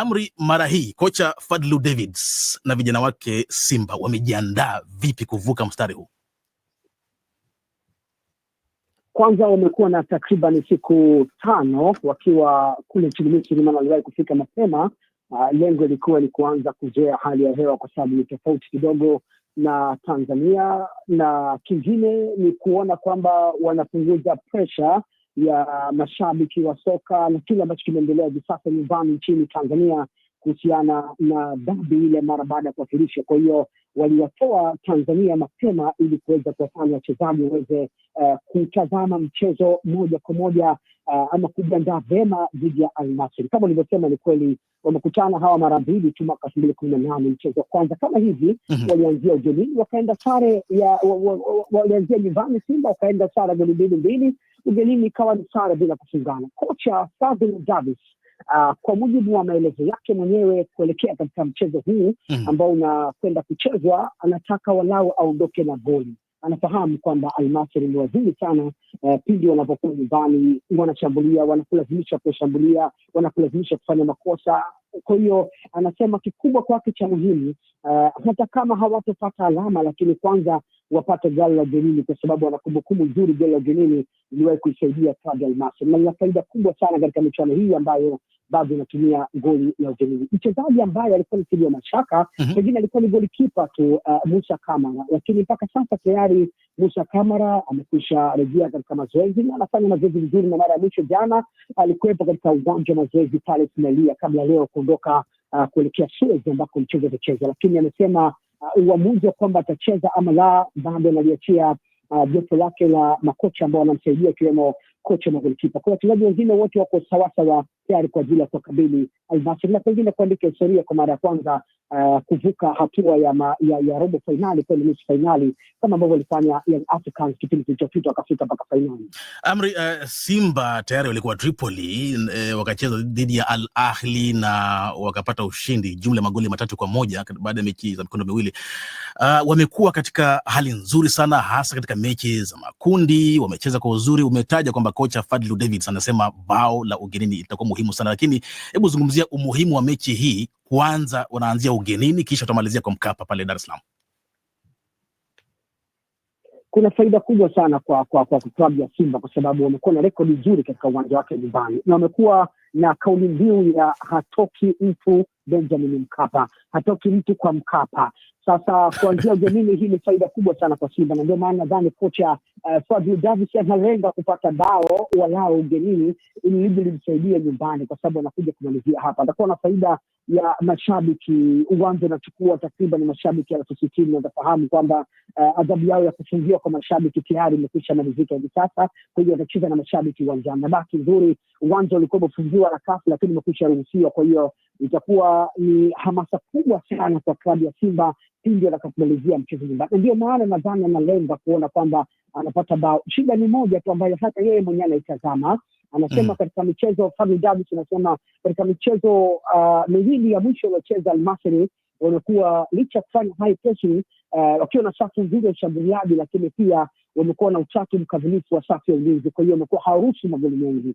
amri mara hii, kocha Fadlu Davids na vijana wake Simba wamejiandaa vipi kuvuka mstari huu? Kwanza wamekuwa na takriban siku tano wakiwa kule Chilimiki, maana waliwahi kufika mapema. Uh, lengo ilikuwa ni kuanza kuzoea hali ya hewa, kwa sababu ni tofauti kidogo na Tanzania, na kingine ni kuona kwamba wanapunguza presha ya mashabiki wa soka na kile ambacho kimeendelea hivi sasa nyumbani nchini Tanzania kuhusiana na dabi ile mara baada ya kuwakilishwa. Kwa hiyo waliwatoa Tanzania mapema ili kuweza kuwafanya wachezaji waweze uh, kutazama mchezo moja kwa moja uh, ama kujiandaa vema dhidi ya Almasri. Kama ulivyosema, ni kweli wamekutana hawa mara mbili tu mwaka elfu mbili kumi na nane. Mchezo wa kwanza kama hivi mm-hmm. walianzia ugenini wakaenda sare ya walianzia nyumbani Simba wakaenda sare goli mbili mbili kupiga ikawa ni sare bila kufungana. Kocha Fadhil Davis Uh, kwa mujibu wa maelezo yake mwenyewe kuelekea katika mchezo huu mm. ambao unakwenda kuchezwa, anataka walau aondoke na goli. Anafahamu kwamba Almasri ni wazuri sana eh, pindi wanapokuwa nyumbani wanashambulia, wanakulazimisha kushambulia, wanakulazimisha kufanya makosa. Kwa hiyo anasema kikubwa kwake cha muhimu, uh, hata kama hawatopata alama, lakini kwanza wapate gari la ugenini, kwa sababu wana kumbukumbu nzuri. Gari la ugenini iliwahi kuisaidia Claudio Almasi na lina faida kubwa sana katika michuano hii ambayo bado inatumia goli la ugenini. Mchezaji ambaye alikuwa anatiliwa mashaka mhm. pengine mm alikuwa ni goli kipa tu uh, Musa Kamara, lakini mpaka sasa tayari Musa Kamara amekwisha rejea katika mazoezi na anafanya mazoezi vizuri, na mara ya mwisho jana alikuwepo katika uwanja wa mazoezi pale Ismailia kabla leo kuondoka uh, kuelekea Suez ambako mchezo utacheza, lakini amesema Uh, uamuzi wa kwamba atacheza ama la bado analiachia uh, jopo uh, lake la makocha ambao wanamsaidia ikiwemo kocha na golikipa. Kwa wachezaji wengine wote wako sawasawa tayari kwa ajili ya kuwakabili Alvasir na pengine kuandika historia kwa mara ya kwanza uh, kuvuka hatua ya, ma, ya, ya robo fainali kwenda nusu fainali kama ambavyo walifanya Young Africans kipindi kilichopita wakafika mpaka fainali. Amri, uh, Simba tayari walikuwa Tripoli eh, wakacheza dhidi ya Al Ahli na wakapata ushindi jumla ya magoli matatu kwa moja baada ya mechi za mikondo miwili uh, wamekuwa katika hali nzuri sana, hasa katika mechi za makundi wamecheza kwa uzuri. Umetaja kwamba kocha Fadlu Davids anasema bao la ugenini litakuwa muhimu sana, lakini hebu zungumzia umuhimu wa mechi hii. Kwanza wanaanzia ugenini, kisha utamalizia kwa Mkapa pale Dar es Salaam. Kuna faida kubwa sana kwa kwa kwa klabu ya Simba kwa sababu wamekuwa na rekodi nzuri katika uwanja wake nyumbani, na wamekuwa na kauli mbiu ya hatoki mtu Benjamin Mkapa, hatoki mtu kwa Mkapa. Sasa kuanzia ugenini, hii ni faida kubwa sana kwa Simba na ndio maana nadhani kocha uh, Fadlu Davis analenga kupata bao walao ugenini, ili ligi limsaidia nyumbani, kwa sababu anakuja kumalizia hapa, atakuwa na faida ya mashabiki. Uwanja unachukua takriban mashabiki elfu sitini watafahamu kwamba uh, adhabu yao ya kufungiwa kwa mashabiki tayari imekwisha malizika hivi sasa. Kwa hiyo watacheza na mashabiki uwanjani, na bahati nzuri uwanja ulikuwa umefungiwa na kafu, lakini umekwisha ruhusiwa. Kwa hiyo itakuwa ni hamasa kubwa sana kwa klabu ya Simba ndio watakaomalizia mchezo nyumbani. Ndio maana nadhani analenga kuona kwamba anapata bao. Shida ni moja tu ambayo hata yeye mwenyewe anaitazama anasema mm. katika michezo Fadlu anasema katika michezo uh, miwili ya mwisho aliocheza Almasri wamekuwa licha ya kufanya high pressing uh, wakiwa na safu nzuri ya ushambuliaji, lakini pia wamekuwa na utatu mkamilifu wa safu ya ulinzi, kwa hiyo wamekuwa hawaruhusi magoli mengi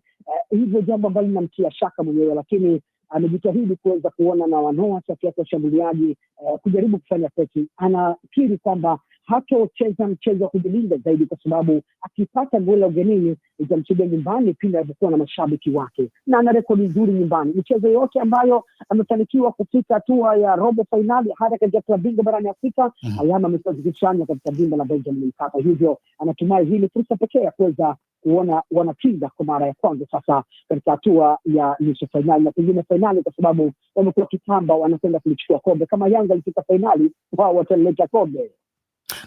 uh, hivyo jambo ambalo linamtia shaka mwenyewe, lakini amejitahidi kuweza kuona na wanoa safu yake washambuliaji uh, kujaribu kufanya peki. Anakiri kwamba hatocheza mchezo wa kujilinda zaidi, kwa sababu akipata goli la ugenini itamsaidia nyumbani pindi anapokuwa na mashabiki wake, na ana rekodi nzuri nyumbani. Michezo yote ambayo amefanikiwa kufika hatua ya robo fainali, hata katika klabu bingwa barani Afrika, mhm. alama amekuwa zikichanya katika dimba la Benjamin Mkapa. Hivyo anatumai hii ni fursa pekee ya kuweza kuona wanachinda kwa mara ya kwanza sasa katika hatua ya nusu fainali na pengine fainali, kwa sababu wamekuwa kitamba wanakwenda kulichukua kombe. Kama Yanga alifika fainali, wao wataleta kombe.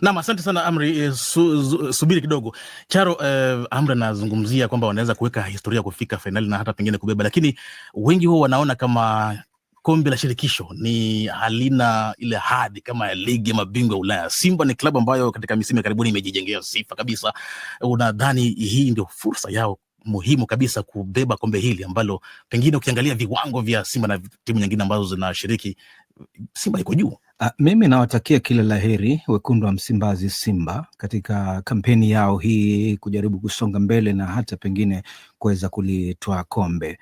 Nam, asante sana Amri. Eh, su, su, subiri kidogo Charo. Eh, Amri anazungumzia kwamba wanaweza kuweka historia kufika fainali na hata pengine kubeba, lakini wengi huo wanaona kama kombe la shirikisho ni halina ile hadhi kama ya ligi ya mabingwa ya Ulaya. Simba ni klabu ambayo katika misimu ya karibuni imejijengea sifa kabisa. Unadhani hii ndio fursa yao muhimu kabisa kubeba kombe hili ambalo pengine ukiangalia viwango vya Simba na timu nyingine ambazo zinashiriki, Simba iko juu. Ah, mimi nawatakia kila laheri wekundu wa Msimbazi, Simba, katika kampeni yao hii kujaribu kusonga mbele na hata pengine kuweza kulitwa kombe.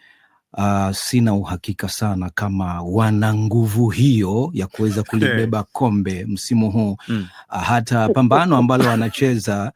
Uh, sina uhakika sana kama wana nguvu hiyo ya kuweza kulibeba kombe msimu huu mm. Uh, hata pambano ambalo wanacheza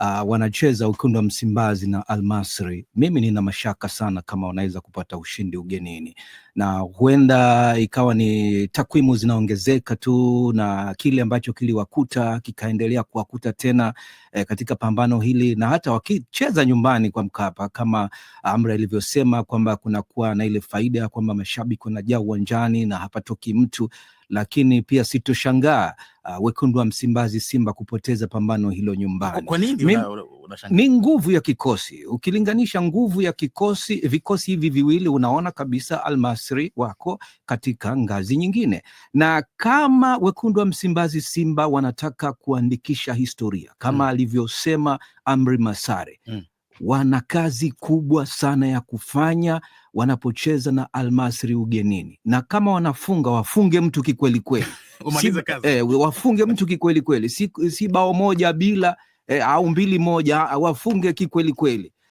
uh, wanacheza ukundu wa Msimbazi na Almasri. Mimi nina mashaka sana kama wanaweza kupata ushindi ugenini, na huenda ikawa ni takwimu zinaongezeka tu na kile ambacho kiliwakuta kikaendelea kuwakuta tena eh, katika pambano hili, na hata wakicheza nyumbani kwa Mkapa kama Amra ilivyosema kwamba kunakuwa na ile faida kwamba mashabiki wanajaa uwanjani na hapatoki mtu lakini pia sitoshangaa uh, wekundu wa Msimbazi Simba kupoteza pambano hilo nyumbani. Kwa nini unashangaa? Ni nguvu ya kikosi, ukilinganisha nguvu ya kikosi vikosi hivi viwili, unaona kabisa Almasri wako katika ngazi nyingine, na kama wekundu wa Msimbazi Simba wanataka kuandikisha historia kama hmm. alivyosema Amri Masare hmm wana kazi kubwa sana ya kufanya wanapocheza na Almasri ugenini, na kama wanafunga wafunge mtu kikwelikweli si, eh, wafunge mtu kikwelikweli si, si bao moja bila eh, au mbili moja, wafunge kikwelikweli